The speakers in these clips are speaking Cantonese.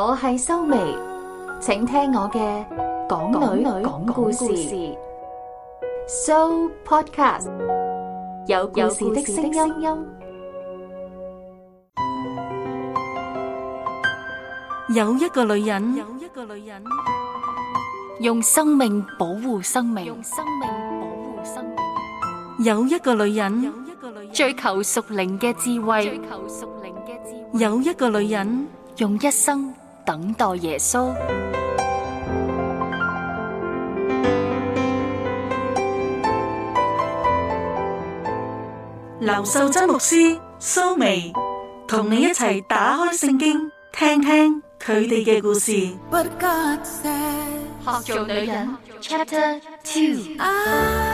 我係蘇眉，請聽我嘅港女港故事。So podcast 有故事的聲音。有一個女人，有一個女人用生命保護生命。用生命保護生命。有一個女人，有一個女人追求屬靈嘅智慧。追求屬靈嘅智慧。有一個女人用一生。等待耶穌。劉秀珍牧師蘇眉同你一齊打開聖經，聽聽佢哋嘅故事。學做女人 Chapter Two。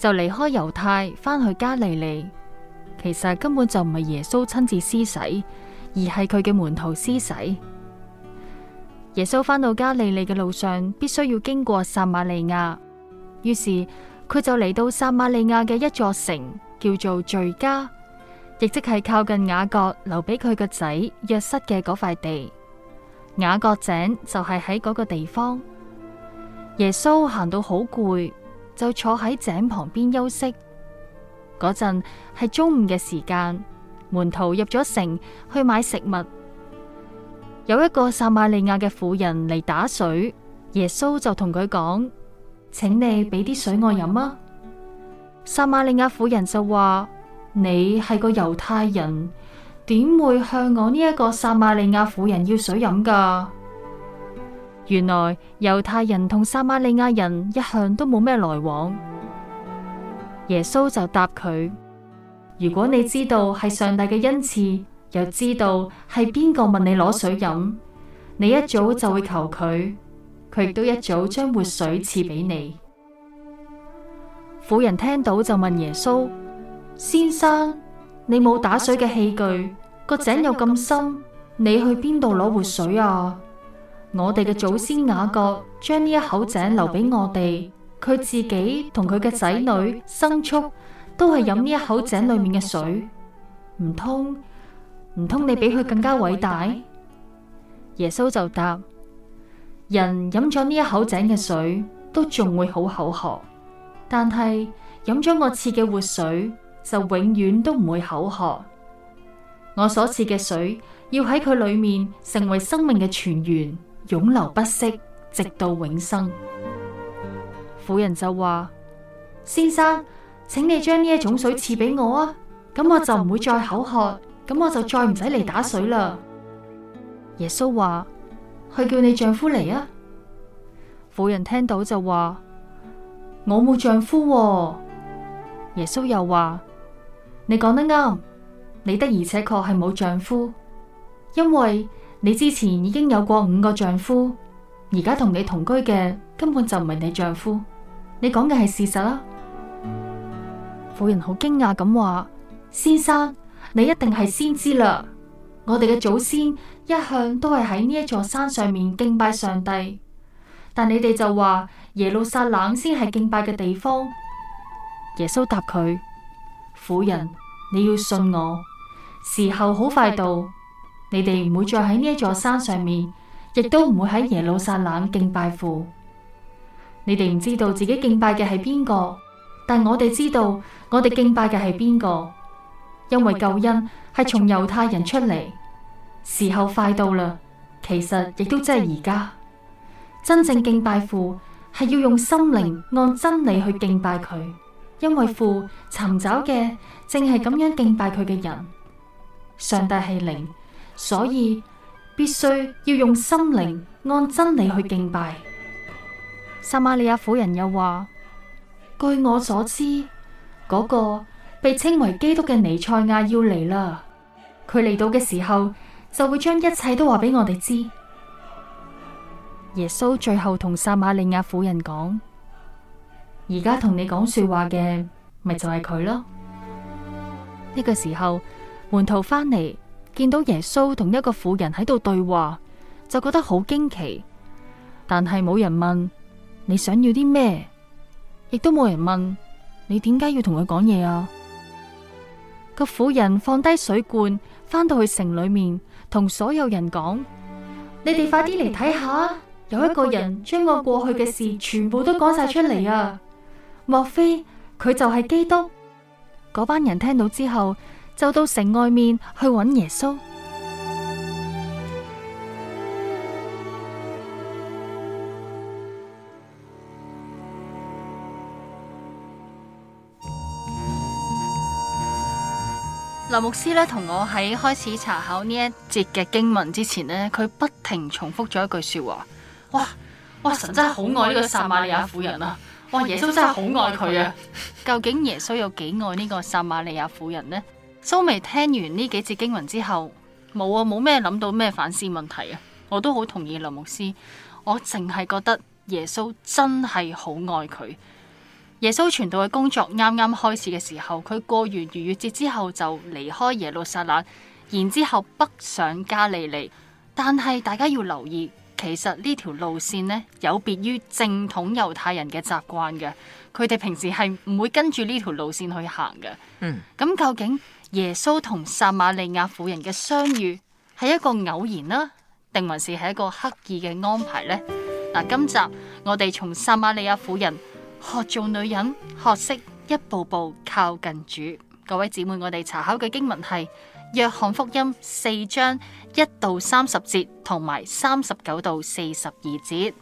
就離開猶太，返去加利利。其實根本就唔係耶穌親自施洗，而係佢嘅門徒施洗。耶穌返到加利利嘅路上，必須要經過撒瑪利亞，於是佢就嚟到撒瑪利亞嘅一座城，叫做敘加，亦即係靠近雅各留俾佢個仔約瑟嘅嗰塊地。雅各井就係喺嗰個地方。耶穌行到好攰。就坐喺井旁邊休息，嗰陣係中午嘅時間。門徒入咗城去買食物，有一個撒瑪利亞嘅婦人嚟打水，耶穌就同佢講：請你俾啲水我飲啊！撒瑪利亞婦人就話：你係個猶太人，點會向我呢一個撒瑪利亞婦人要水飲㗎？原來猶太人同撒瑪利亞人一向都冇咩來往，耶穌就答佢：如果你知道係上帝嘅恩賜，又知道係邊個問你攞水飲，你一早就會求佢，佢亦都一早將活水賜俾你。婦人聽到就問耶穌：先生，你冇打水嘅器具，個井又咁深，你去邊度攞活水啊？我哋嘅祖先雅各將呢一口井留俾我哋，佢自己同佢嘅仔女牲畜都係飲呢一口井裏面嘅水。唔通唔通，你比佢更加偉大？耶穌就答：人飲咗呢一口井嘅水都仲會好口渴，但係飲咗我賜嘅活水就永遠都唔會口渴。我所賜嘅水要喺佢裏面成為生命嘅泉源。永湧不息，直到永生。婦人就話：先生，請你將呢一種水賜俾我啊！咁我就唔會再口渴，咁我就再唔使嚟打水啦。耶穌話：去叫你丈夫嚟啊！婦人聽到就話：我冇丈夫啊。耶穌又話：你講得啱，你的而且確係冇丈夫，因為。你之前已經有過五個丈夫，而家同你同居嘅根本就唔係你丈夫。你講嘅係事實啦。婦人好驚訝咁話：先生，你一定係先知啦！我哋嘅祖先一向都係喺呢一座山上面敬拜上帝，但你哋就話耶路撒冷先係敬拜嘅地方。耶穌答佢：婦人，你要信我，時候好快到。你哋唔會再喺呢一座山上面，亦都唔會喺耶路撒冷敬拜父。你哋唔知道自己敬拜嘅係邊個，但我哋知道我哋敬拜嘅係邊個，因為救恩係從猶太人出嚟。時候快到啦，其實亦都即係而家。真正敬拜父係要用心靈按真理去敬拜佢，因為父尋找嘅正係咁樣敬拜佢嘅人。上帝係靈。所以必須要用心靈按真理去敬拜。撒瑪利亞婦人又話：據我所知，嗰個被稱為基督嘅尼賽亞要嚟啦。佢嚟到嘅時候，就會將一切都話俾我哋知。耶穌最後同撒瑪利亞婦人講：而家同你講說話嘅，咪就係佢咯。呢個時候，門徒翻嚟。見到耶穌同一個婦人喺度對話，就覺得好驚奇。但係冇人問你想要啲咩，亦都冇人問你點解要同佢講嘢啊！個婦人放低水罐，翻到去城裏面同所有人講：你哋快啲嚟睇下，有一個人將我過去嘅事全部都講晒出嚟啊！莫非佢就係基督？嗰班是人聽到之後。就到城外面去搵耶穌。林牧師咧，同我喺開始查考呢一節嘅經文之前呢，佢不停重複咗一句說話：哇哇，神真係好愛呢個撒瑪利亞婦人啊！哇，耶穌真係好愛佢啊！ 究竟耶穌有幾愛呢個撒瑪利亞婦人呢？蘇眉聽完呢幾節經文之後，冇啊，冇咩諗到咩反思問題啊！我都好同意林牧師，我淨係覺得耶穌真係好愛佢。耶穌傳道嘅工作啱啱開始嘅時候，佢過完逾越節之後就離開耶路撒冷，然之後北上加利利。但係大家要留意，其實呢條路綫呢，有別於正統猶太人嘅習慣嘅，佢哋平時係唔會跟住呢條路綫去行嘅。嗯，咁究竟？耶穌同撒瑪利亞婦人嘅相遇係一個偶然啦，定還是係一個刻意嘅安排呢？嗱，今集我哋從撒瑪利亞婦人學做女人，學識一步步靠近主。各位姊妹，我哋查考嘅經文係《約翰福音》四章一到三十節，同埋三十九到四十二節。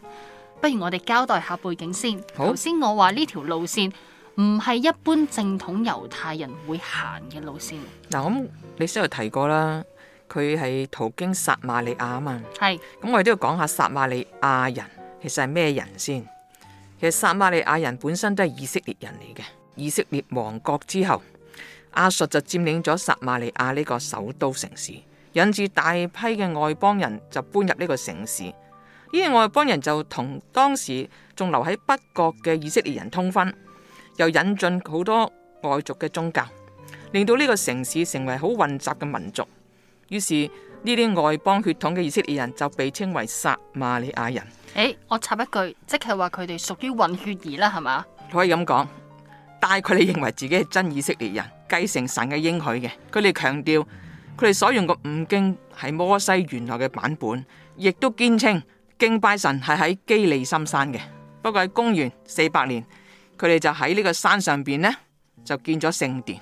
不如我哋交代下背景先。頭先好我話呢條路線。唔係一般正統猶太人會行嘅路線。嗱，咁你先有提過啦，佢係途經撒瑪利亞啊嘛。係是，咁我哋都要講下撒瑪利亞人其實係咩人先？其實撒瑪利亞人本身都係以色列人嚟嘅。以色列亡國之後，亞述就佔領咗撒瑪利亞呢個首都城市，引致大批嘅外邦人就搬入呢個城市。呢啲外邦人就同當時仲留喺北國嘅以色列人通婚。又引進好多外族嘅宗教，令到呢個城市成為好混雜嘅民族。於是呢啲外邦血統嘅以色列人就被稱為撒瑪利亞人。誒、欸，我插一句，即係話佢哋屬於混血兒啦，係嘛？可以咁講，但係佢哋認為自己係真以色列人，繼承神嘅應許嘅。佢哋強調佢哋所用嘅五經係摩西原來嘅版本，亦都堅稱敬拜神係喺基利心山嘅。不過喺公元四百年。佢哋就喺呢個山上邊呢，就建咗聖殿。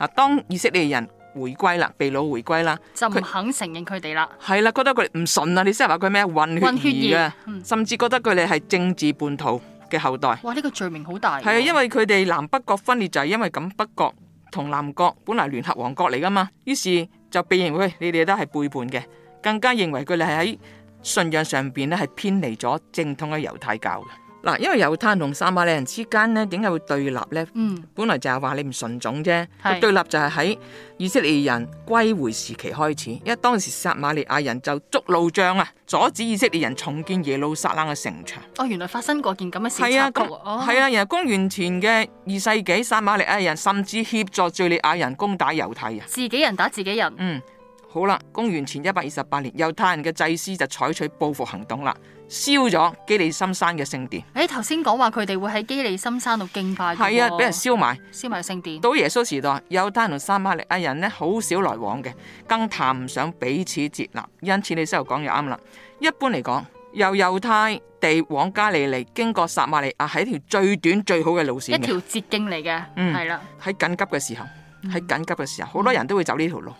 嗱、啊，當以色列人回歸啦，被擄回歸啦，就唔肯承認佢哋啦。係啦，覺得佢哋唔信啊，你先係話佢咩混血兒、混血兒嘅，嗯、甚至覺得佢哋係政治叛徒嘅後代。哇，呢、這個罪名好大、啊。係啊，因為佢哋南北國分裂就係因為咁，北國同南國本嚟聯合王國嚟噶嘛，於是就被認為你哋都係背叛嘅，更加認為佢哋係喺信仰上邊咧係偏離咗正統嘅猶太教嘅。嗱，因為猶太同撒瑪利亞人之間咧，點解會對立咧？嗯，本來就係話你唔純種啫。是對立就係喺以色列人歸回時期開始，因為當時撒瑪利亞人就捉路障啊，阻止以色列人重建耶路撒冷嘅城牆。哦，原來發生過件咁嘅事啊！係、哦、啊，人係公元前嘅二世紀，撒瑪利亞人甚至協助敘利亞人攻打猶太人，自己人打自己人。嗯。好啦，公元前一百二十八年，猶太人嘅祭司就採取報復行動啦，燒咗基利心山嘅聖殿。誒、欸，頭先講話佢哋會喺基利心山度敬拜嘅，係啊，俾人燒埋，燒埋聖殿。到耶穌時代，猶太人同撒瑪利亞人呢好少來往嘅，更談唔上彼此接納。因此你先頭講又啱啦。一般嚟講，由猶太地往加利利，經過撒瑪利亞，係一條最短最好嘅路線，一條捷徑嚟嘅，係啦、嗯。喺緊急嘅時候，喺緊急嘅時候，好、嗯、多人都會走呢條路。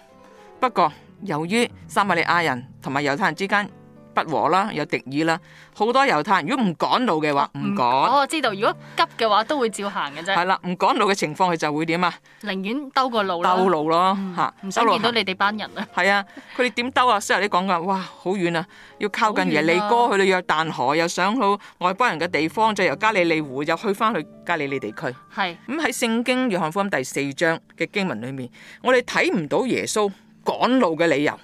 不過，由於三瑪利亞撒瑪利亞人同埋猶太人之間不和啦，有敵意啦，好多猶太人如果唔趕路嘅話，唔趕。我、哦、我知道，如果急嘅話，都會照行嘅啫。係啦，唔趕路嘅情況，佢就會點啊？寧願兜個路兜路咯嚇，唔想見到你哋班人啊。係啊，佢哋點兜啊？雖然你講噶，哇，好遠啊，要靠近耶利哥，啊、去到約旦河，又上去外邦人嘅地方，再由加利利，利，利湖又去翻的、嗯、去加利利，利，利地區。係咁喺聖經《約翰福音》第四章嘅經文裏面，我哋睇唔到耶穌。趕路嘅理由，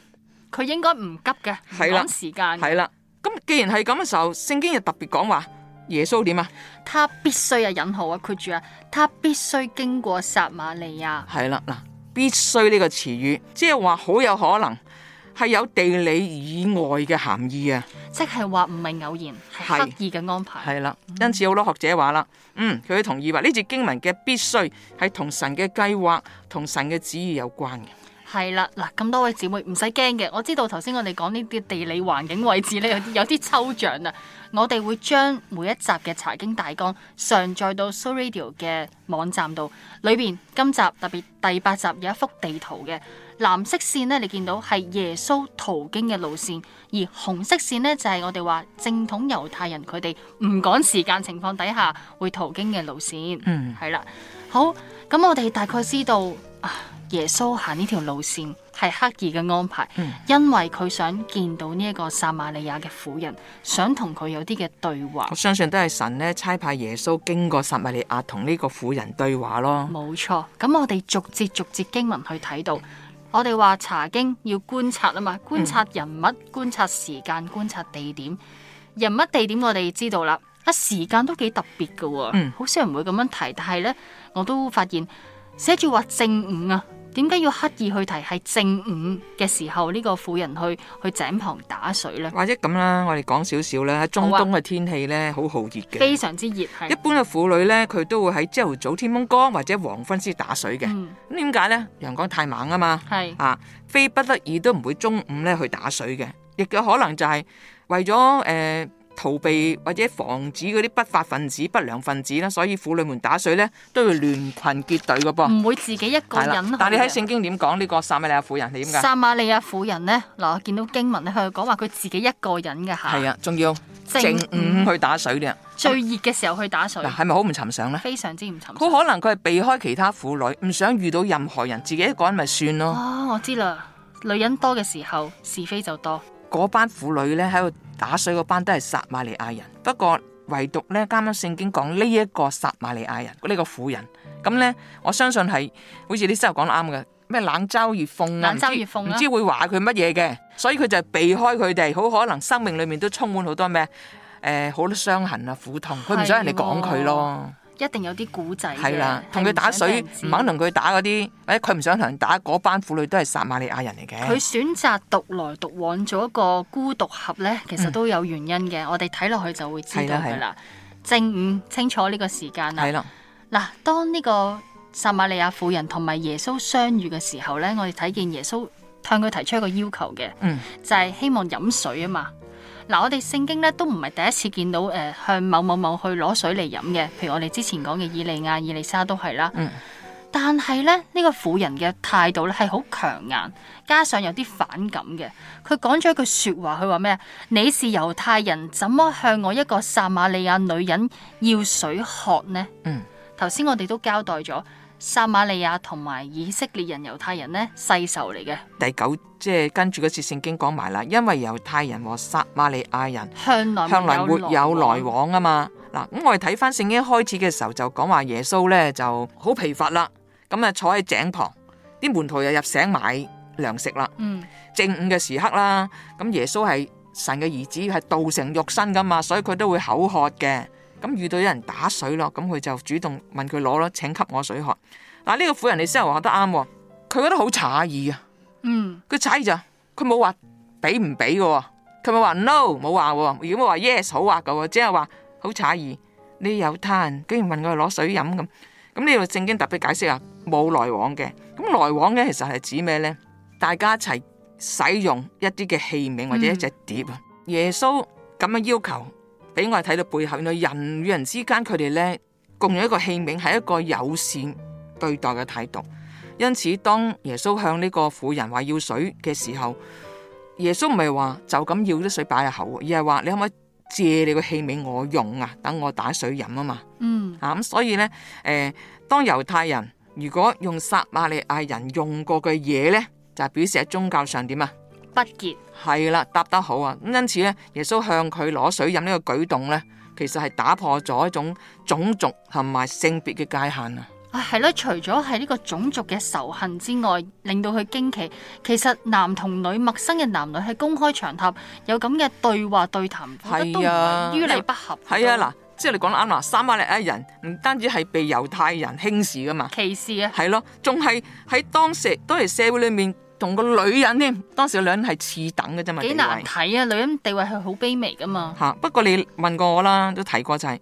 佢應該唔急嘅，唔趕時間。係啦，咁既然係咁嘅時候，聖經又特別講話耶穌點啊？他必須啊引號啊括住啊，他必須經過撒瑪利亞。係啦，嗱，必須呢個詞語，即係話好有可能係有地理以外嘅含義啊，即係話唔係偶然，係刻意嘅安排。係啦，因此好多學者話啦，嗯，佢同意話呢節經文嘅必須係同神嘅計劃同神嘅旨意有關嘅。係啦，嗱，咁多位姐妹唔使驚嘅，我知道頭先我哋講呢啲地理環境位置咧，有啲有啲抽象啦。 我哋會將每一集嘅查經大綱上載到 Show Radio 嘅網站度，裏邊今集特別第八集有一幅地圖嘅，藍色線呢，你見到係耶穌途經嘅路線，而紅色線呢，就係、是、我哋話正統猶太人佢哋唔趕時間情況底下會途經嘅路線。嗯，係啦，好，咁我哋大概知道。耶穌行呢條路線係刻意嘅安排，嗯、因為佢想見到呢一個撒瑪利亞嘅婦人，想同佢有啲嘅對話。我相信都係神咧差派耶穌經過撒瑪利亞，同呢個婦人對話咯。冇錯，咁我哋逐節逐節經文去睇到，我哋話查經要觀察啊嘛，觀察人物、嗯、觀察時間、觀察地點。人物、地點我哋知道啦，啊時間都幾特別噶、哦，嗯，好少人會咁樣提。但係呢，我都發現寫住話正午啊。點解要刻意去提係正午嘅時候呢個婦人去去井旁打水呢？或者咁啦，我哋講少少啦。喺中東嘅天氣呢，好酷熱嘅，非常之熱。一般嘅婦女呢，佢都會喺朝頭早天蒙光或者黃昏先打水嘅。咁點解呢？陽光太猛啊嘛，嚇、係啊，非不得已都唔會中午咧去打水嘅。亦有可能就係為咗誒，呃逃避或者防止嗰啲不法分子、不良分子啦，所以婦女們打水咧都要聯群結隊㗎噃，唔會自己一個人。但你喺聖經點講、這個、呢個撒瑪利亞婦人係點解？撒瑪利亞婦人咧，嗱，見到經文咧，佢講話佢自己一個人嘅嚇。係啊，仲要正，正午去打水嘅，嗯、最熱嘅時候去打水。嗱，係咪好唔尋常咧？非常之唔尋常。好可能佢係避開其他婦女，唔想遇到任何人，自己一個人咪算咯。哦，我知啦，女人多嘅時候是非，非就多。嗰班婦女咧喺度打水，嗰班都係撒瑪利亞人。不過唯獨咧，啱啱聖經講呢一個撒瑪利亞人呢個婦人，咁咧我相信係好似啲師傅講得啱嘅，咩冷嘲熱諷、啊、冷嘲熱諷、啊、唔知唔知會話佢乜嘢嘅，所以佢就避開佢哋，好可能生命裏面都充滿好多咩誒，好多傷痕啊、苦痛，佢唔想人哋講佢咯。一定有啲古仔嘅，同佢了打水，唔水肯同佢打嗰啲，或者佢唔想同人打嗰班婦女都係撒瑪利亞人嚟嘅。佢選擇獨來獨往做一個孤獨俠咧，其實都有原因嘅。嗯、我哋睇落去就會知道噶啦。正午清楚呢個時間啦。係啦的，嗱，當呢個撒瑪利亞婦人同埋耶穌相遇嘅時候咧，我哋睇見耶穌向佢提出一個要求嘅，嗯、就係希望飲水啊嘛。嗱，我哋聖經咧都唔係第一次見到，誒、呃、向某某某去攞水嚟飲嘅，譬如我哋之前講嘅以利亞、以利沙都係啦。嗯、但係咧，呢、呢個婦人嘅態度咧係好強硬，加上有啲反感嘅。佢講咗一句說話，佢話咩？你是猶太人，怎麼向我一個撒瑪利亞女人要水喝呢？嗯。頭先我哋都交代咗。撒瑪利亞同埋以色列人猶太人呢，世仇嚟嘅。第九，即係跟住個節聖經講埋啦，因為猶太人和撒瑪利亞人向來向來沒有來往啊嘛。嗱，咁、嗯、我哋睇翻聖經開始嘅時候就講話耶穌呢就好疲乏啦，咁啊坐喺井旁，啲門徒又入城買糧食啦。嗯、正午嘅時刻啦，咁耶穌係神嘅兒子，係道成肉身噶嘛，所以佢都會口渴嘅。咁遇到有人打水咯，咁佢就主動問佢攞咯，請給我水喝。嗱、啊、呢、這個婦人，你先係話得啱，佢覺得好詫異啊。嗯，佢詫異就佢冇話俾唔俾嘅，佢咪話 no，冇話。如果我話 yes，好話嘅，即係話好詫異。你有攤人，居然問佢攞水飲咁。咁呢度聖經特別解釋啊，冇來往嘅。咁來往嘅其實係指咩咧？大家一齊使用一啲嘅器皿或者一隻碟啊。嗯、耶穌咁嘅要求。俾我哋睇到背後，原人與人之間佢哋咧共用一個器皿，係一個友善對待嘅態度。因此，當耶穌向呢個婦人話要水嘅時候，耶穌唔係話就咁要啲水擺入口，而係話你可唔可以借你個器皿我用啊？等我打水飲啊嘛。嗯，啊咁所以咧，誒，當猶太人如果用撒瑪利亞人用過嘅嘢咧，就表示喺宗教上點啊？不結係啦，答得好啊！咁因此咧，耶穌向佢攞水飲呢個舉動咧，其實係打破咗一種種族同埋性別嘅界限啊！係咯，除咗係呢個種族嘅仇恨之外，令到佢驚奇，其實男同女陌生嘅男女喺公開場合有咁嘅對話對談，的覺得都唔係於理不合。係啊，嗱，即係你講得啱啦，撒瑪利亞人唔單止係被猶太人輕視㗎嘛，歧視啊，係咯，仲係喺當時都係社會裏面。同個女人添，當時個女人係次等嘅啫嘛。幾難睇啊！女人地位係好卑微噶嘛。吓、啊，不過你問過我啦，都提過就係、是、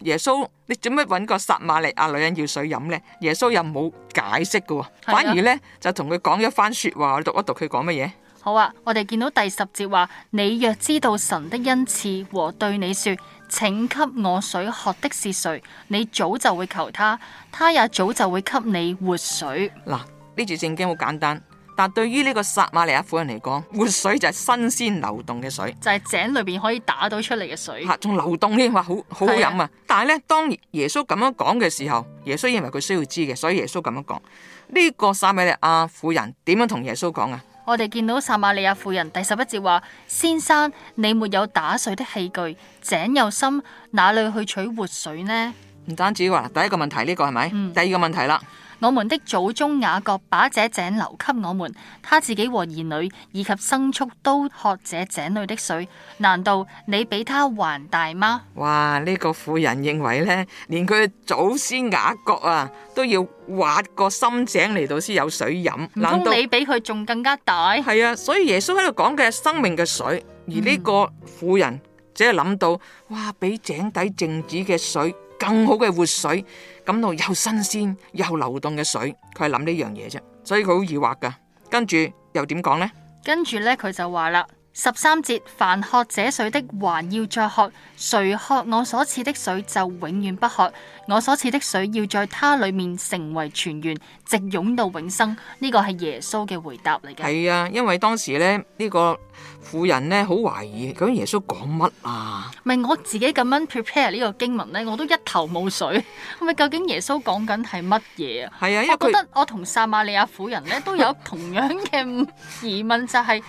耶穌，你做咩揾個撒瑪利亞女人要水飲呢？耶穌又冇解釋嘅、啊，反而呢，啊、就同佢講一番說話，我讀一讀佢講乜嘢。好啊，我哋見到第十節話：，你若知道神的恩賜和對你說，請給我水喝的是誰，你早就會求他，他也早就會給你活水。嗱、啊，呢段聖經好簡單。但係對於呢個撒瑪利亞婦人嚟講，活水就係新鮮流動嘅水，就係井裏邊可以打到出嚟嘅水，仲流動呢話好，好好飲啊！的但係咧，當耶穌咁樣講嘅時候，耶穌認為佢需要知嘅，所以耶穌咁樣講。呢、這個撒瑪利亞婦人點樣同耶穌講啊？我哋見到撒瑪利亞婦人第十一節話：，先生，你沒有打水的器具，井又深，哪裏去取活水呢？唔單止話，第一個問題呢、這個係咪？嗯、第二個問題啦。我們的祖宗雅各把這井留給我們，他自己和兒女以及牲畜都喝這井裏的水。難道你比他還大嗎？哇！呢個婦人認為呢，連佢祖先雅各啊都要挖個深井嚟到先有水飲，難道你比佢仲更加大。係啊，所以耶穌喺度講嘅生命嘅水，而呢個婦人只係諗到哇，比井底靜止嘅水。更好嘅活水，感到又新鮮又流動嘅水，佢係諗呢樣嘢啫，所以佢好疑惑噶。跟住又點講呢？跟住咧，佢就話啦。十三節，凡喝這水的，還要再喝；誰喝我所賜的水，就永遠不渴。我所賜的水，要在他裏面成為泉源，直湧到永生。呢個係耶穌嘅回答嚟嘅。係啊，因為當時咧，呢個婦人咧，好懷疑究竟耶穌講乜啊？咪我自己咁樣 prepare 呢個經文咧，我都一頭霧水。咪究竟耶穌講緊係乜嘢啊？係啊，我覺得我同撒瑪利亞婦人咧都有同樣嘅疑問，就係。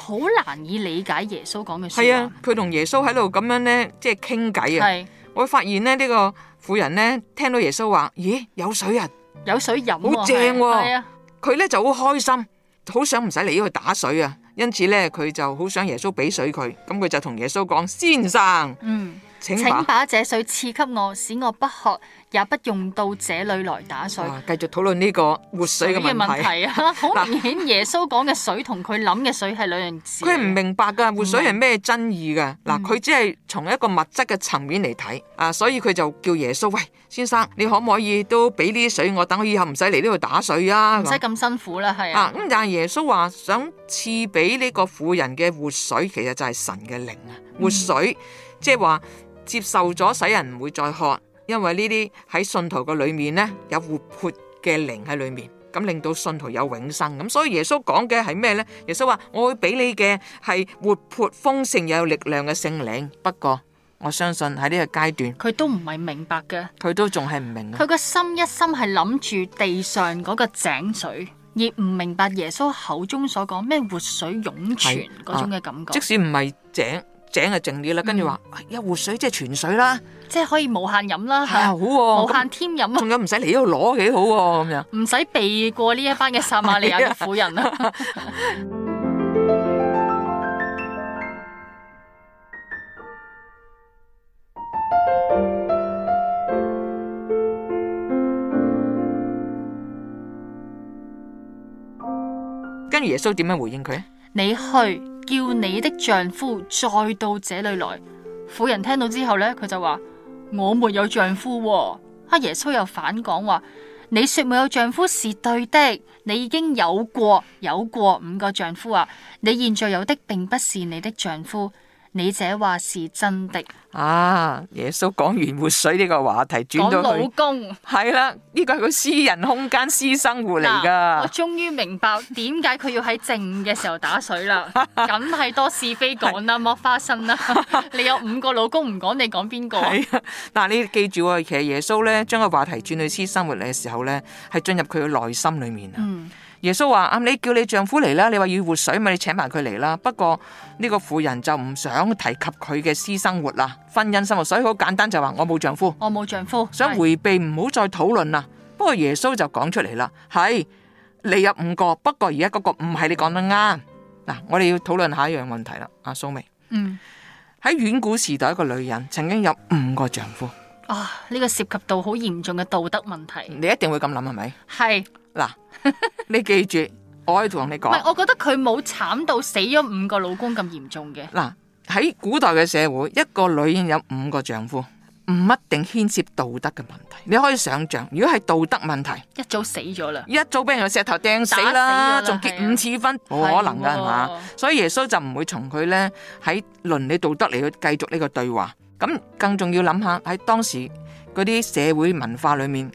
好難以理解耶穌講嘅說話。係啊，佢同耶穌喺度咁樣咧，即係傾偈啊。是我發現咧，呢個婦人咧，聽到耶穌話，咦，有水啊，有水飲、啊，好正喎、啊。佢咧、啊、就好開心，好想唔使嚟呢度打水啊。因此咧，佢就好想耶穌俾水佢。咁佢就同耶穌講：先生，嗯，請靠請把這水賜給我，使我不渴。也不用到這裏來打水。繼、啊、續討論呢個活水嘅問，問題啊，好明顯耶穌講嘅水同佢諗嘅水係兩樣字。佢唔 明白噶活水係咩真義噶？嗱、啊，佢只係從一個物質嘅層面嚟睇啊，所以佢就叫耶穌喂，先生，你可唔可以都俾啲水我，等我以後唔使嚟呢度打水啊，唔使咁辛苦啦，係啊。咁、啊、但係耶穌話想賜俾呢個婦人嘅活水，其實就係神嘅靈啊。活水即係話接受咗，使人唔會再渴。因為呢啲，喺信徒嘅裏面呢，有活潑嘅靈喺裏面，咁令到信徒有永生。咁所以耶穌講嘅係咩呢？耶穌話我會俾你嘅係活潑豐盛又有力量嘅聖靈。不過我相信喺呢個階段，佢都唔係明白嘅，佢都仲係唔明。佢個心一心係諗住地上嗰個井水，而唔明白耶穌口中所講咩活水湧泉嗰種嘅感覺。即使唔係井。井就靜啲啦，跟住話一壺水即係泉水啦，即係可以無限飲啦，係啊好喎，無限添飲，仲有唔使嚟呢度攞，幾好喎咁樣，唔使避過呢一班嘅撒瑪利亞嘅婦人啦。跟住耶穌點樣回應佢啊？你去。叫你的丈夫再到這裏來。婦人聽到之後咧，佢就話：我沒有丈夫哦。阿耶穌又反講話：你說沒有丈夫是對的，你已經有過，有過五個丈夫啊！你現在有的並不是你的丈夫。你這話是真的啊！耶穌講完活水呢個話題，轉到老公，係啦、啊，呢、這個係佢私人空間、私生活嚟噶。我終於明白點解佢要喺正午嘅時候打水啦，梗係 多是非講啦，剝 花生啦。你有五個老公唔講，你講邊個？係啊，但係你記住，其實耶穌咧將個話題轉去私生活嚟嘅時候咧，係進入佢嘅內心裏面啊。嗯耶穌話：，啊，你叫你丈夫嚟啦，你話要活水咪，你請埋佢嚟啦。不過呢個婦人就唔想提及佢嘅私生活啦，婚姻生活。所以好簡單就話我冇丈夫，我冇丈夫，想回避，唔好是再討論啦。不過耶穌就講出嚟啦，係你有五個，不過而家嗰個唔係你講得啱。嗱、啊，我哋要討論下一樣問題啦，阿蘇眉，嗯，喺遠古時代一個女人曾經有五個丈夫，啊、哦，呢個涉及到好嚴重嘅道德問題，你一定會咁諗係咪？係。嗱， 你記住，我可以同你講。唔係，我覺得佢冇慘到死咗五個老公咁嚴重嘅。嗱，喺古代嘅社會，一個女人有五個丈夫，唔一定牽涉道德嘅問題。你可以想象，如果係道德問題，一早死咗啦，一早俾人用石頭掟死啦，仲結五次婚，冇可能噶係嘛？所以耶穌就唔會從佢咧喺倫理道德嚟，去繼續呢個對話。咁更重要諗下喺當時嗰啲社會文化裏面。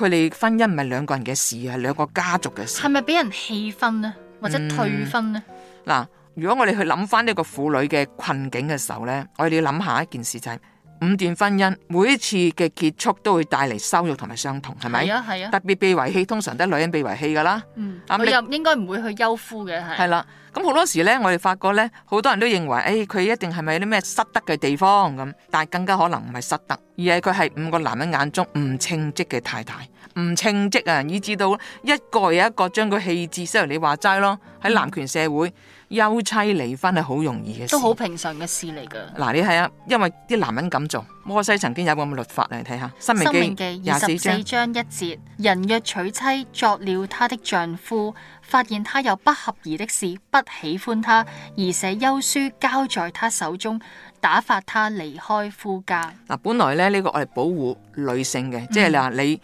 佢哋婚姻唔係兩個人嘅事啊，係兩個家族嘅事。係咪俾人棄婚咧，或者退婚咧？嗱、嗯，如果我哋去諗翻呢個婦女嘅困境嘅時候咧，我哋要諗下一件事就係。五段婚姻，每一次嘅結束都會帶嚟羞辱同埋傷痛，係咪？係啊係啊！啊特別被遺棄，通常都係女人被遺棄噶啦。嗯，佢又、嗯、應該唔會去休夫嘅係。係啦，咁好多時咧，我哋發覺咧，好多人都認為，誒、哎、佢一定係咪有啲咩失德嘅地方咁？但係更加可能唔係失德，而係佢係五個男人眼中唔稱職嘅太太，唔稱職啊！以致到一個又一個將佢氣節，雖然你話齋咯，喺男權社會。嗯嗯。休妻離婚係好容易嘅，都好平常嘅事嚟㗎。嗱，你睇下，因為啲男人咁做。摩西曾經有個咁嘅律法嚟睇下，看看《申命記》廿四章一節：人若娶妻作了他的丈夫，發現他有不合宜的事，不喜歡他，而寫休書交在他手中，打發他離開夫家。嗱，本來咧呢、這個我哋保護女性嘅，嗯、即係嗱你話你。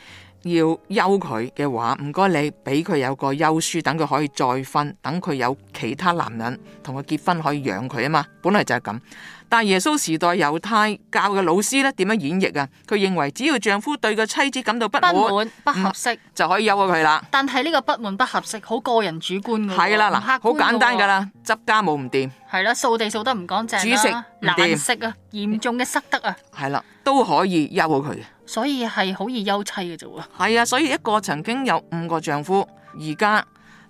要休佢嘅話，唔該你俾佢有個休書，等佢可以再婚，等佢有其他男人同佢結婚可以養佢啊嘛，本來就係咁。但耶穌時代猶太教嘅老師咧，點樣演繹啊？佢認為只要丈夫對個妻子感到不滿，不滿不合適，嗯，就可以休咗佢啦。但係呢個不滿不合適，好個人主觀噶，哦，唔客觀噶，哦、好簡單噶啦，執家務唔掂，係啦，掃地掃得唔乾淨，煮食難食啊，嚴重嘅失德啊，係啦，都可以休佢。所以係好易休妻嘅啫喎。係啊，所以一個曾經有五個丈夫，而家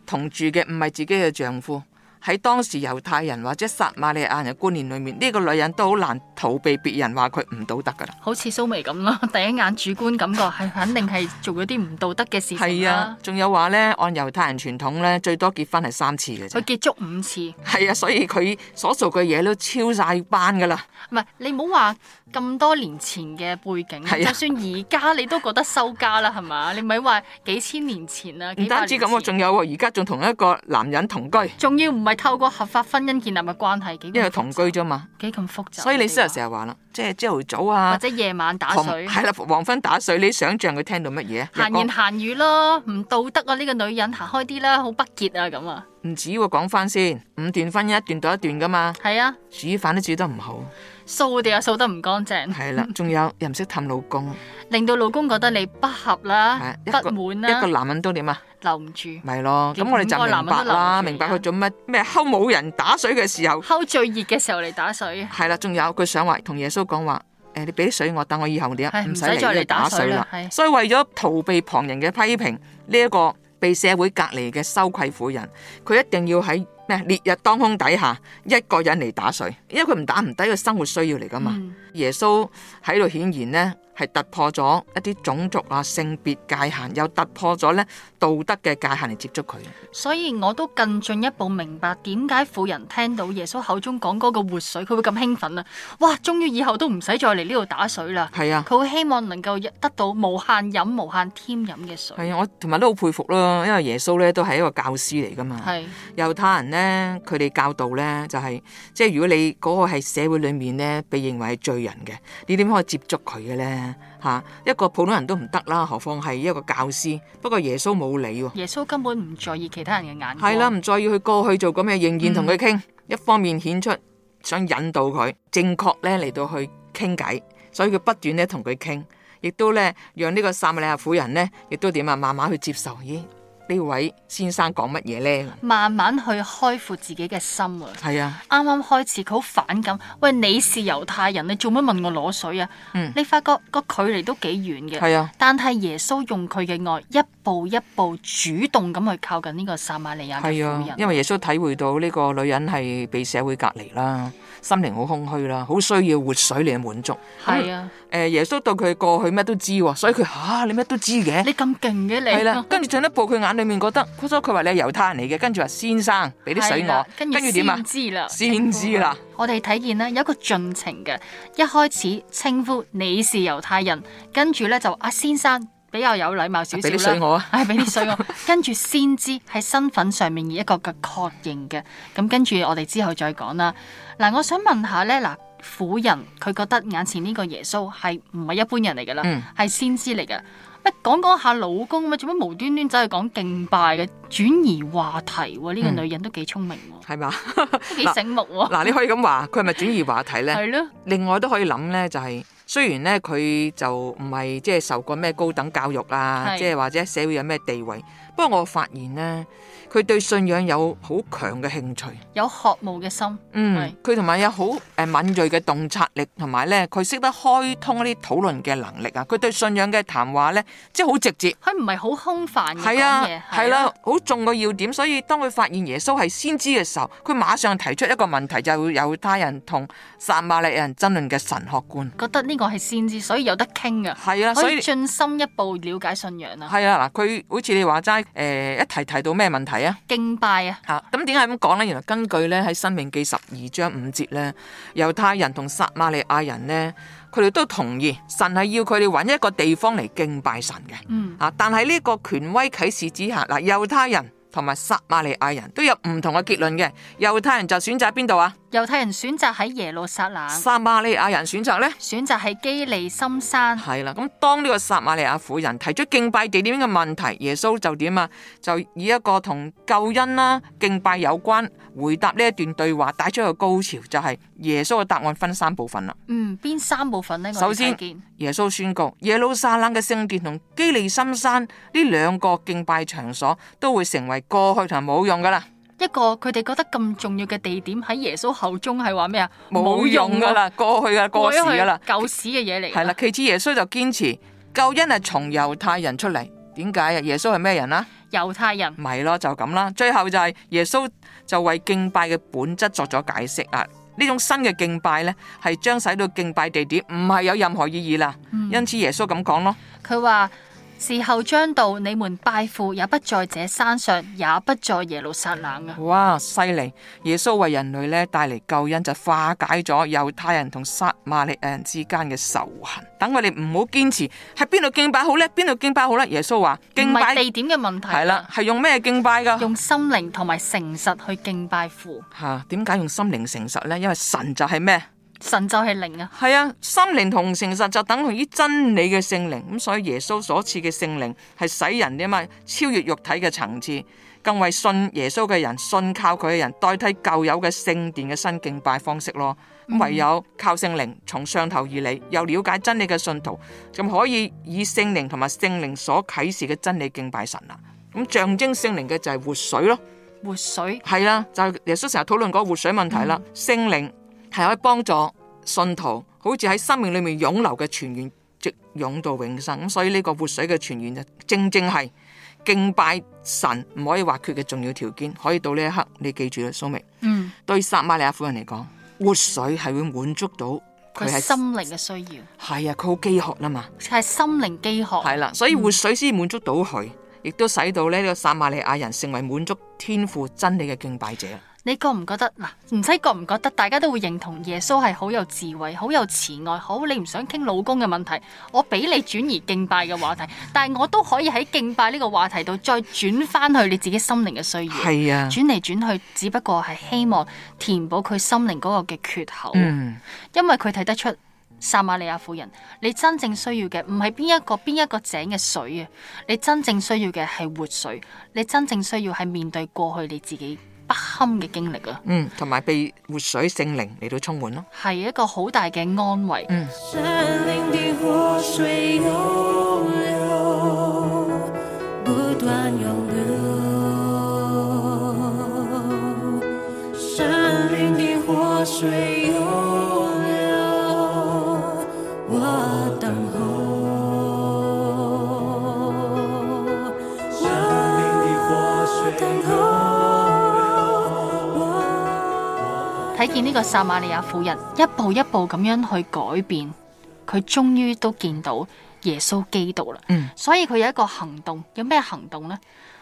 同住嘅唔係自己嘅丈夫。喺當時猶太人或者薩瑪利亞人嘅觀念裏面，呢個女人都好難逃避別人話佢唔道德噶啦。好似蘇眉咁咯，第一眼主觀感覺係肯定係做咗啲唔道德嘅事情。 係啊，仲有話咧，按猶太人傳統咧，最多結婚係三次嘅啫。佢結束五次，係啊，所以佢所做嘅嘢都超晒班噶啦。唔係，你唔好話。咁多年前嘅背景，啊、就算而家你都覺得收家啦，係嘛？你唔係話幾千年前啊？唔單止咁，我仲有，而家仲同一個男人同居，仲要唔係透過合法婚姻建立嘅關係，因為同居啫嘛，咁複雜，所以你先日成日話啦，即係朝早啊，或者夜晚打水，係啦、啊，黃昏打水，你想象佢聽到乜嘢？閒言閒語咯，唔道德啊！呢、呢個女人行開啲啦，好不潔啊咁啊！唔止喎，講翻先，五段婚姻一段對一段噶嘛。係啊，煮飯都煮得唔好，掃地又掃得唔乾淨。係啦，仲有又唔識氹老公，令到老公覺得你不合啦，不滿啦。一個男人都點啊？留唔住。係咯，咁我哋就明白啦，明白佢做乜咩，偷冇人打水嘅時候，偷最熱嘅時候嚟打水。係啦，仲有佢想話同耶穌講話，誒，你俾啲水我，等我以後點，唔使再嚟打水啦。所以為咗逃避旁人嘅批評，呢一個。被社會隔離嘅羞愧婦人，佢一定要喺。烈日當空底下，一個人嚟打水，因為佢唔打唔低呢生活需要嚟噶嘛。耶穌喺度顯然咧，係突破咗一啲種族啊、性別界限，又突破咗咧道德嘅界限嚟接觸佢。所以我都更進一步明白點解婦人聽到耶穌口中講嗰個活水，佢會咁興奮啊！哇，終於以後都唔使再嚟呢度打水啦。係啊，佢會希望能夠得到無限飲、無限添飲嘅水。係啊，我同埋都好佩服囉，因為耶穌咧都係一個教師嚟噶嘛。係猶太人咧。咧佢哋教導咧就係、是，即係如果你嗰個係社會裏面咧被認為係罪人嘅，你點可以接觸佢嘅咧？吓一個普通人都唔得啦，何況係一個教師。不過耶穌冇理，耶穌根本唔在意其他人嘅眼光。係啦，唔在意佢過去做咁嘢，仍然同佢傾。嗯、一方面顯出想引導佢正確咧嚟到去傾偈，所以佢不斷咧同佢傾，亦都咧讓呢個撒瑪利亞婦人咧亦都點啊慢慢去接受依。呢位先生講乜嘢咧？慢慢去開闊自己嘅心啊！係啊，啱啱開始佢好反感，喂，你是猶太人，你做乜問我攞水啊？嗯，你發覺個距離都幾遠嘅。係啊，但係耶穌用佢嘅愛，一步一步主動咁去靠近呢個撒瑪利亞係啊，因為耶穌體會到呢個女人係被社會隔離啦，心靈好空虛啦，好需要活水嚟滿足。係啊，誒，耶穌對佢過去咩都知，所以佢吓你咩都知嘅。你咁勁嘅你，係啦，跟住進一步佢眼裏面覺得，佢話你係猶太人嚟嘅，跟住話先生，俾啲水我，跟住點知？先知啦，我哋睇見咧有一個進程嘅，一開始稱呼你是猶太人，跟住咧就阿先生比較有禮貌少少，俾啲水我啊，俾啲水我，水我 跟住先知係身份上面一個嘅確認嘅，咁跟住我哋之後再講啦。嗱，我想問下咧，嗱，婦人佢覺得眼前呢個耶穌係唔係一般人嚟噶啦？嗯，係先知嚟嘅。講講下老公咩？做乜無端端走去講敬拜嘅，轉移話題喎？呢個女人都幾聰明喎，係嘛、嗯？幾醒目喎？嗱是吧， 你可以咁話，佢係咪轉移話題咧？係咯 的。另外都可以諗咧，就係、是。雖然咧佢就唔係即係受過咩高等教育啊，即係是或者社會有咩地位，不過我發現呢，佢對信仰有好強嘅興趣，有渴慕嘅心。嗯，佢同埋有好誒敏銳嘅洞察力，同埋咧佢識得開通一啲討論嘅能力啊。佢對信仰嘅談話咧，即係好直接，佢唔係好空泛嘅講嘢，係啦，啊，好中嘅要點。所以當佢發現耶穌係先知嘅時候，佢馬上提出一個問題，就係，是，猶太人同撒瑪利亞人爭論嘅神學觀，覺得呢，這個。係先知，所以有得傾噶，係啊，所以可以進深一步了解信仰啊。係啊，嗱，佢好似你話齋，誒，一提提到咩問題啊？敬拜啊，吓、啊，咁點解咁講呢？原來根據咧喺《申命記》十二章五節咧，猶太人同撒瑪利亞人呢，佢哋都同意神係要佢哋揾一個地方嚟敬拜神嘅，嗯，啊，但係呢個權威啟示之下，嗱、啊，猶太人同埋撒瑪利亞人都有唔同嘅結論嘅，猶太人就選擇喺邊度啊？猶太人選擇喺耶路撒冷，撒瑪利亞人選擇呢？選擇喺基利心山。係啦，咁當呢個撒瑪利亞婦人提出敬拜地點嘅問題，耶穌就點啊？就以一個同救恩啦、敬拜有關，回答呢一段對話，帶出個高潮，就係、是、耶穌嘅答案分三部分啦。嗯，邊三部分呢？首先，耶穌宣告耶路撒冷嘅聖殿同基利心山呢兩個敬拜場所都會成為過去同冇用噶啦。一個佢哋覺得咁重要嘅地點喺耶穌口中係話咩啊？冇用噶啦，過去噶，過去，過時噶啦，舊屎嘅嘢嚟。係啦，其次耶穌就堅持救恩係從猶太人出嚟，點解啊？耶穌係咩人啊？猶太人。咪咯，就咁啦。最後就係耶穌就為敬拜嘅本質作咗解釋啊！呢種新嘅敬拜咧，係將使到敬拜地點唔係有任何意義啦。嗯。因此耶穌咁講咯，佢話。時候將到，你們拜父也不在這山上，也不在耶路撒冷啊！哇，犀利！耶穌為人類咧帶嚟救恩，就化解咗猶太人同撒瑪利亞人之間嘅仇恨。等我哋唔好堅持喺邊度敬拜好咧，邊度敬拜好咧！耶穌話敬拜地點嘅問題係啦，係用咩敬拜噶？用心靈同埋誠實去敬拜父。吓、啊，點解用心靈誠實咧？因為神就係咩？神就係靈啊，係啊，心靈同誠實就等同於真理嘅聖靈，咁所以耶穌所賜嘅聖靈係使人啊嘛，超越肉體嘅層次，更為信耶穌嘅人、信靠佢嘅人代替舊有嘅聖殿嘅新敬拜方式咯，唯有靠聖靈從上頭而嚟，又了解真理嘅信徒，就可以以聖靈同埋聖靈所啟示嘅真理敬拜神啊，咁象徵聖靈嘅就係活水咯。活水？係啊，就係耶穌成日討論嗰個活水問題啦，聖靈、嗯。聖靈係可以幫助信徒，好似喺生命裏面湧流嘅泉源，即湧到永生。咁所以呢個活水嘅泉源就正正係敬拜神唔可以或缺嘅重要條件。可以到呢一刻，你記住啦，蘇明。嗯，對撒瑪利亞婦人嚟講，活水係會滿足到佢係心靈嘅需要。係啊，佢好飢渴啊嘛。係心靈飢渴。係啦、啊，所以活水先滿足到佢，亦、嗯、都使到呢個撒瑪利亞人成為滿足天父真理嘅敬拜者。你覺唔覺得嗱？唔使覺唔覺得，覺覺得大家都會認同耶穌係好有智慧、好有慈愛。好，你唔想傾老公嘅問題，我俾你轉移敬拜嘅話題， 但係我都可以喺敬拜呢個話題度再轉翻去你自己心靈嘅需要。係啊，轉嚟轉去，只不過係希望填補佢心靈嗰個嘅缺口。嗯，因為佢睇得出撒瑪利亞夫人，你真正需要嘅唔係邊一個邊一個井嘅水啊，你真正需要嘅係活水，你真正需要係面對過去你自己。不堪嘅經歷啊，嗯，同埋被活水聖靈嚟到充滿咯，係一個好大嘅安慰，嗯。見呢個撒瑪利亞婦人一步一步咁樣去改變，佢終於都見到耶穌基督啦。嗯，所以佢有一個行動，有咩行動呢？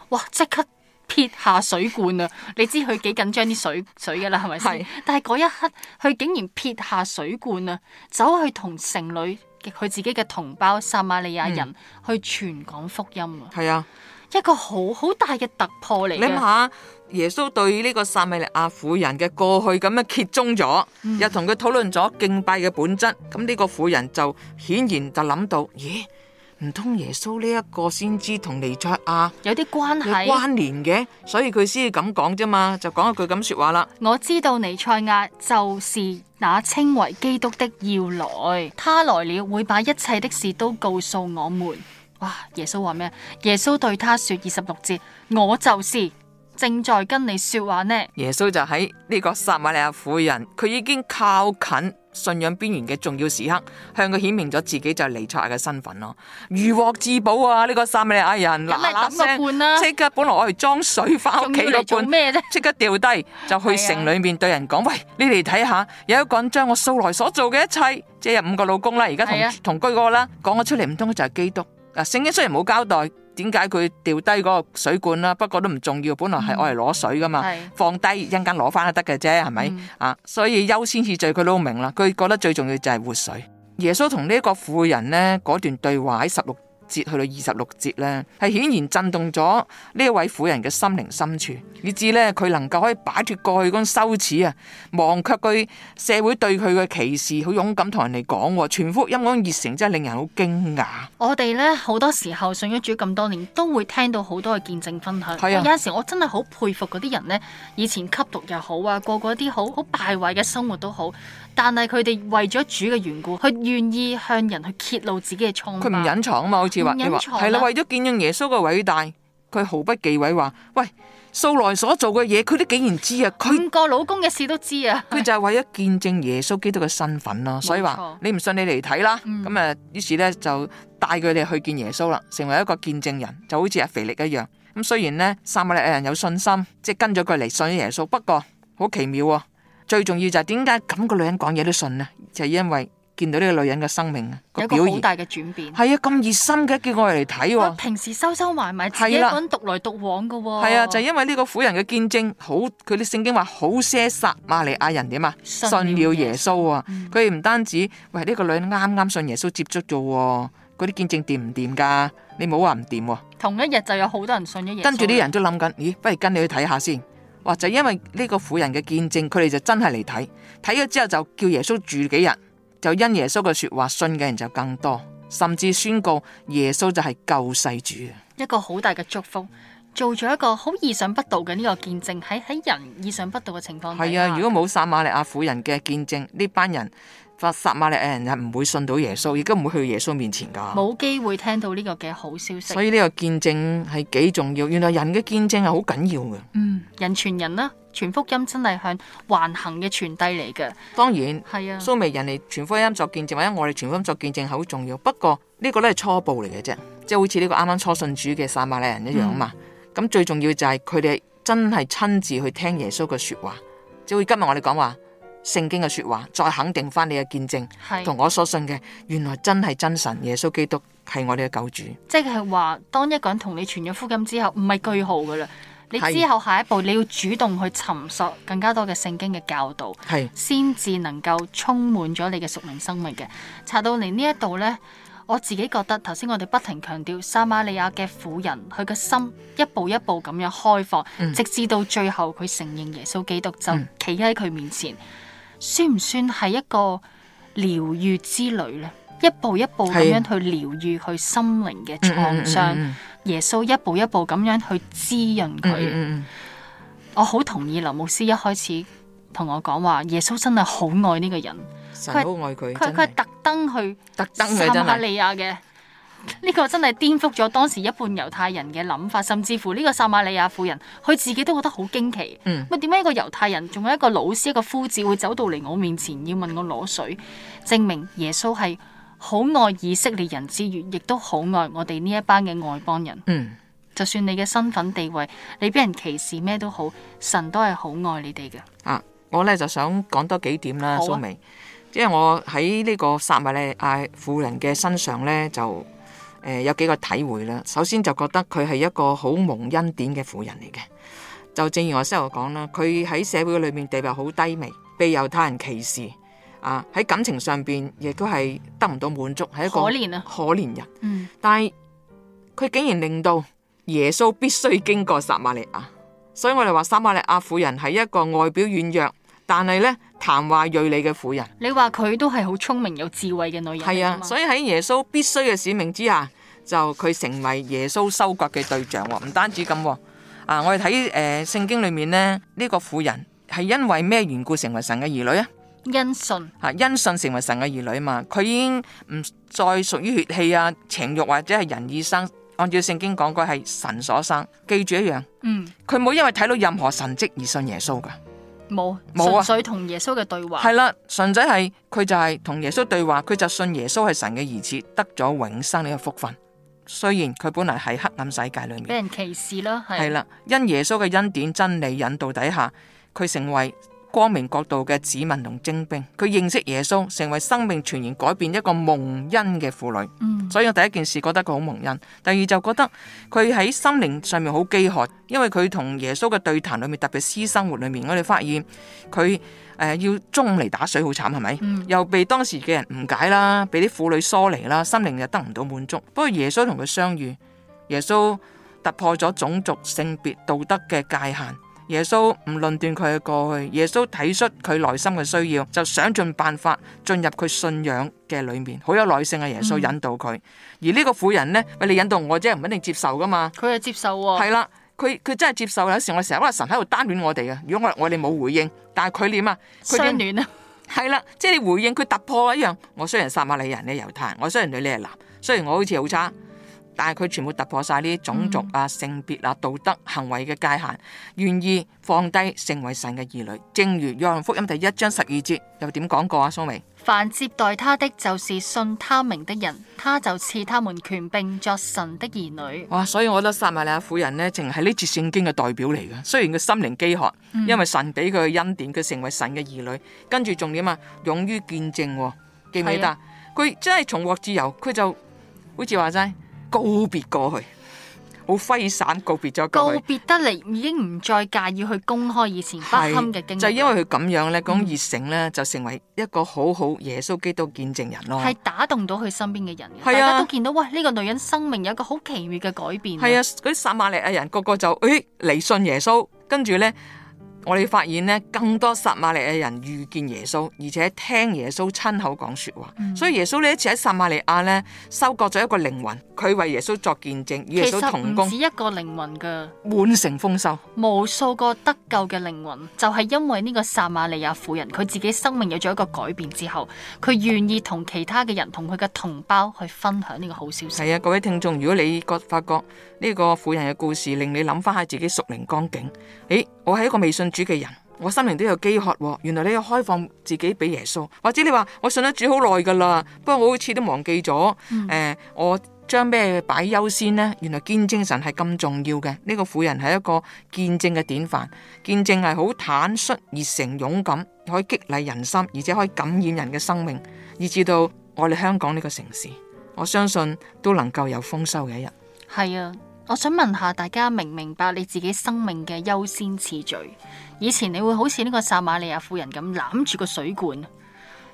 哇！即刻撇下水罐啊！你知佢幾緊張啲水水噶啦，係咪是但係嗰一刻，佢竟然撇下水罐、嗯、啊，走去同城裏佢自己嘅同胞撒瑪利亞人去傳講福音啊！係啊，一個好好大嘅突破嚟嘅。諗下。耶穌對呢個撒瑪利亞婦人嘅過去咁樣揭中咗，嗯、又同佢討論咗敬拜嘅本質。咁呢個婦人就顯然就諗到，咦？唔通耶穌呢一個先知同彌賽亞有啲關係、關聯嘅？所以佢先至咁講啫嘛，就講一句咁說話啦。我知道彌賽亞就是那稱為基督的要來，他來了會把一切的事都告訴我們。哇！耶穌話咩？耶穌對他說二十六節：我就是。正在跟你說話呢，耶穌就喺呢個撒瑪利亞婦人，佢已經靠近信仰邊緣嘅重要時刻，向佢顯明咗自己就係彌賽亞嘅身份咯。如獲至寶啊！呢、這個撒瑪利亞人嗱嗱聲，即刻本來我係裝水翻屋企個罐，即刻掉低就去城裏面對人講： 喂，你嚟睇下，有一個人將我素來所做嘅一切，即係五個老公啦，而家同 同居個啦，講咗出嚟唔通佢就係基督啊？聖經雖然冇交代。點解佢掉低嗰個水罐啦？不過都唔重要，本來係我嚟攞水噶嘛，嗯、放低一陣間攞翻就得嘅啫，係咪、嗯、啊？所以優先次序佢都明啦，佢覺得最重要就係活水。耶穌同呢個婦人呢，嗰段對話喺十六節去到二十六節咧，係顯然震動咗呢一位婦人嘅心靈深處，以致咧佢能夠可以擺脫過去嗰種羞恥啊，忘卻佢社會對佢嘅歧視，好勇敢同人哋講，全幅音昂熱誠，真係令人好驚訝。我哋咧好多時候信咗主咁多年，都會聽到好多嘅見證分享。係啊、哎呀，有陣時我真係好佩服嗰啲人咧，以前吸毒又好啊，過過啲好好敗壞嘅生活都好。但係佢哋為咗主嘅緣故，佢願意向人去揭露自己嘅錯誤。佢唔隱藏啊嘛，好似話，係啦，為咗見證耶穌嘅偉大，佢毫不忌諱話：喂，素來所做嘅嘢，佢都竟然知啊，佢個老公嘅事都知啊。佢就係為咗見證耶穌基督嘅身份啦。的所以話，錯你唔信你嚟睇啦。咁啊、嗯，於是咧就帶佢哋去見耶穌啦，成為一個見證人，就好似阿腓力一樣。咁雖然咧，三個呢人有信心，即、就、係、是、跟咗佢嚟信耶穌，不過好奇妙、啊。最重要就係點解咁個女人講嘢都信呢？就係、是、因為見到呢個女人嘅生命個表現，係啊咁熱心嘅，叫我嚟睇喎。平時收收埋埋、啊，係啦、啊，獨來獨往噶。係啊，就是、因為呢個婦人嘅見證，好佢啲聖經話好些撒瑪利亞人點啊？信了耶穌啊！佢、嗯、唔單止，喂呢、這個女人啱啱信耶穌接觸咗，嗰啲見證掂唔掂噶？你唔好話唔掂。同一日就有好多人信一樣，跟住啲人都諗緊，咦？不如跟你去睇下先。或者因為呢個婦人嘅見證，佢哋就真係嚟睇，睇咗之後就叫耶穌住幾日，就因耶穌嘅說話，信嘅人就更多，甚至宣告耶穌就係救世主。一個好大嘅祝福，做咗一個好意想不到嘅呢個見證，喺喺人意想不到嘅情況下。係啊，如果冇撒瑪利亞婦人嘅見證，呢班人。撒馬利亞人係唔會信到耶穌，亦都唔會去耶穌面前噶，冇機會聽到呢個嘅好消息。所以呢個見證係幾重要？原來人嘅見證係好緊要嘅。嗯，人傳人啦、啊，傳福音真係向橫行嘅傳遞嚟嘅。當然係啊，蘇眉人嚟傳福音作見證，或者我哋傳福音作見證係好重要。不過呢、這個都係初步嚟嘅啫，即係好似呢個啱啱初信主嘅撒馬利人一樣啊嘛。咁、嗯、最重要就係佢哋真係親自去聽耶穌嘅說話，即係今日我哋講話。聖經嘅說話，再肯定翻你嘅見證，同是我所信嘅，原來真係真神耶穌基督係我哋嘅救主。即係話，當一個人同你傳咗福音之後，唔係句號噶啦，你之後下一步是你要主動去尋索更加多嘅聖經嘅教導，先至是能夠充滿咗你嘅屬靈生命嘅。查到嚟呢一度呢，我自己覺得頭先我哋不停強調，撒瑪利亞嘅婦人，佢嘅心一步一步咁樣開放，嗯、直至到最後佢承認耶穌基督就企喺佢面前。嗯算唔算係一個療癒之旅咧？一步一步咁樣去療癒佢心靈嘅創傷，嗯嗯嗯，耶穌一步一步咁樣去滋潤佢。嗯嗯嗯，我好同意林牧師一開始同我講話，耶穌真係好愛呢個人，神好愛佢，佢佢特登去撒瑪利亞嘅。呢個真係顛覆咗當時一半猶太人嘅諗法，甚至乎呢個撒瑪利亞婦人，佢自己都覺得好驚奇。嗯，點解一個猶太人，仲有一個老師、一個夫子，會走到嚟我面前，要問我攞水？證明耶穌係好愛以色列人之餘，亦都好愛我哋呢一班嘅外邦人。嗯，就算你嘅身份地位，你俾人歧視咩都好，神都係好愛你哋嘅。啊，我咧就想講多幾點啦，蘇眉，啊，因為我喺呢個撒瑪利亞婦人嘅身上咧就。誒、呃，有幾個體會啦。首先就覺得佢係一個好蒙恩典嘅婦人嚟嘅。就正如我先頭講啦，佢喺社會裏面地位好低微，被猶太人歧視啊。喺感情上邊亦都係得唔到滿足，係一個可憐啊可憐人，啊。嗯、但係佢竟然令到耶穌必須經過撒瑪利亞，所以我哋話撒瑪利亞婦人係一個外表軟弱，但係咧。談話銳利嘅婦人，你話佢都係好聰明、有智慧嘅女人。係啊，所以喺耶穌必須嘅使命之下，就佢成為耶穌收割嘅對象。唔單止咁啊，我哋睇誒聖經裏面咧，呢、這個婦人係因為咩緣故成為神嘅兒女恩信啊？因信吓，因信成為神嘅兒女嘛。佢已經唔再屬於血氣啊、情慾或者係人意生。按照聖經講過係神所生。記住一樣，嗯，佢冇因為睇到任何神蹟而信耶穌噶。冇，純粹同耶穌嘅對話係啦，純粹係佢就係同耶穌對話，佢就信耶穌係神嘅兒子，得咗永生呢個福分。雖然佢本來喺黑暗世界裏面，被人歧視咯，係係啦，因耶穌嘅恩典、真理引導底下，佢成為光明國度嘅子民同精兵，佢認識耶穌，成為生命全然改變一個蒙恩嘅婦女。嗯，所以我第一件事覺得佢好蒙恩，第二就覺得佢喺心靈上面好飢渴，因為佢同耶穌嘅對談裏面，特別私生活裏面，我哋發現佢誒、呃、要中午嚟打水，好慘係咪？嗯，又被當時嘅人誤解啦，俾啲婦女疏離啦，心靈又得唔到滿足。不過耶穌同佢相遇，耶穌突破咗種族、性別、道德嘅界限。耶穌唔論斷佢嘅過去，耶穌睇出佢內心嘅需要，就想盡辦法進入佢信仰嘅裏面，好有耐性嘅耶穌引導佢。嗯、而個婦呢個婦人咧，為你引導我即啫，唔一定接受噶嘛？佢係接受喎、哦，係啦，佢佢真係接受。有時我成日話神喺度單戀我哋啊！如果我我哋冇回應，但係佢點啊？相戀啊！係啦，即係你回應佢突破一樣，我雖然撒瑪利亞人你猶太，我雖然女你係男，雖然我好似好差。但係佢全部突破晒呢啲種族啊、性別啊、道德行為嘅界限，願意放低成為神嘅兒女。正如約翰福音第一章十二節又點講過啊？蘇眉凡接待他的就是信他名的人，他就賜他們權柄作神的兒女。哇！所以我覺得撒瑪利亞婦人呢，淨係呢節聖經嘅代表嚟嘅。雖然佢心靈飢渴，因為神俾佢嘅恩典，佢成為神嘅兒女。跟住重點啊，勇於見證、哦，記唔記得？佢、啊、真係重獲自由，佢就好似話齋。告別過去，好揮散告別咗告別得嚟已經唔再介意去公開以前不堪嘅經歷，就係、因為佢咁樣咧，咁熱誠咧，嗯、就成為一個好好耶穌基督見證人咯，係打動到佢身邊嘅人的，係啊，大家都見到喂呢、這個女人生命有一個好奇妙嘅改變，係啊，嗰啲撒瑪利亞人個,個個就誒嚟、哎、信耶穌，跟住咧。我哋發現咧，更多撒瑪利亞人遇見耶穌，而且聽耶穌親口講說話。嗯、所以耶穌呢一次喺撒瑪利亞咧，收割咗一個靈魂，佢為耶穌作見證，與耶穌同工。唔止一個靈魂噶，滿城豐收，無數個得救嘅靈魂，就係、是、因為呢個撒瑪利亞婦人，佢自己生命有咗一個改變之後，佢願意同其他嘅人，同佢嘅同胞去分享呢個好消息。係啊，各位聽眾，如果你覺發覺。呢個婦人嘅故事令你諗翻下自己屬靈光景。誒，我係一個未信主嘅人，我心靈都有飢渴、哦。原來你要開放自己俾耶穌，或者你話我信得主好耐噶啦，不過我好似都忘記咗。嗯、誒，我將咩擺優先呢？原來見精神係咁重要嘅。呢、這個婦人係一個見證嘅典範，見證係好坦率、熱誠、勇敢，可以激勵人心，而且可以感染人嘅生命，以至到我哋香港呢個城市，我相信都能夠有豐收嘅一日。係啊。我想問下大家明唔明白你自己生命嘅優先次序？以前你會好似呢個撒瑪利亞婦人咁攬住個水管，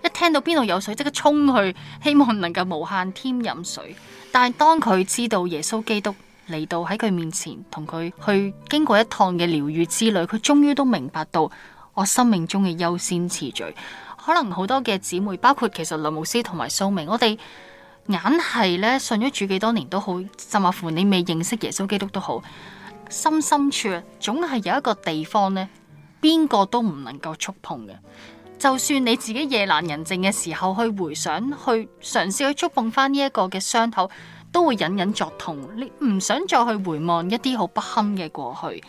一聽到邊度有水即刻衝去，希望能夠無限添飲水。但係當佢知道耶穌基督嚟到喺佢面前，同佢去經過一趟嘅療癒之旅，佢終於都明白到我生命中嘅優先次序。可能好多嘅姊妹，包括其實林姆斯同埋蘇明，我哋硬係咧，信咗主幾多年都好，甚至乎你未認識耶穌基督都好，心深，深處總係有一個地方咧，邊個都唔能夠觸碰嘅。就算你自己夜闌人靜嘅時候去回想，去嘗試去觸碰翻呢一個嘅傷口，都會隱隱作痛。你唔想再去回望一啲好不堪嘅過去，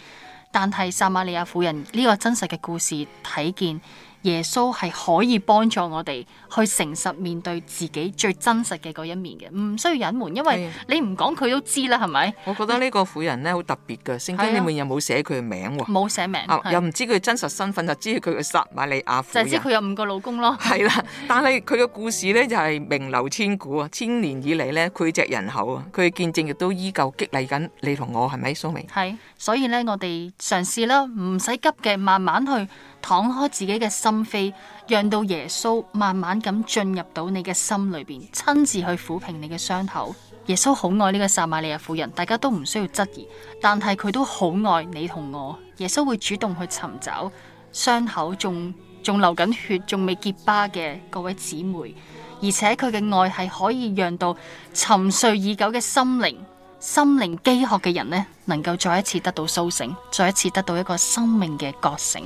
但係撒瑪利亞婦人呢個真實嘅故事睇見。耶穌係可以幫助我哋去誠實面對自己最真實嘅嗰一面嘅，唔需要隱瞞，因為你唔講佢都知啦，係咪？我覺得呢個婦人咧好特別噶，聖經裏面又冇寫佢嘅名，冇、啊、寫名，啊、是又唔知佢真實身份，就知佢嘅撒瑪利亞婦人，就知佢有五個老公咯。係啦，但係佢嘅故事咧就係名流千古啊！ 千年以嚟咧，佢只人口啊，佢嘅見證亦都依舊激勵緊你同我，係咪蘇明？係，所以咧我哋嘗試啦，唔使急嘅，慢慢去。敞開自己嘅心扉，讓到耶穌慢慢咁進入到你嘅心裏邊，親自去撫平你嘅傷口。耶穌好愛呢個撒瑪利亞婦人，大家都唔需要質疑，但係佢都好愛你同我。耶穌會主動去尋找傷口，仲仲流緊血，仲未結疤嘅各位姊妹，而且佢嘅愛係可以讓到沉睡已久嘅心靈。心靈飢渴嘅人呢，能夠再一次得到蘇醒，再一次得到一個生命嘅覺醒。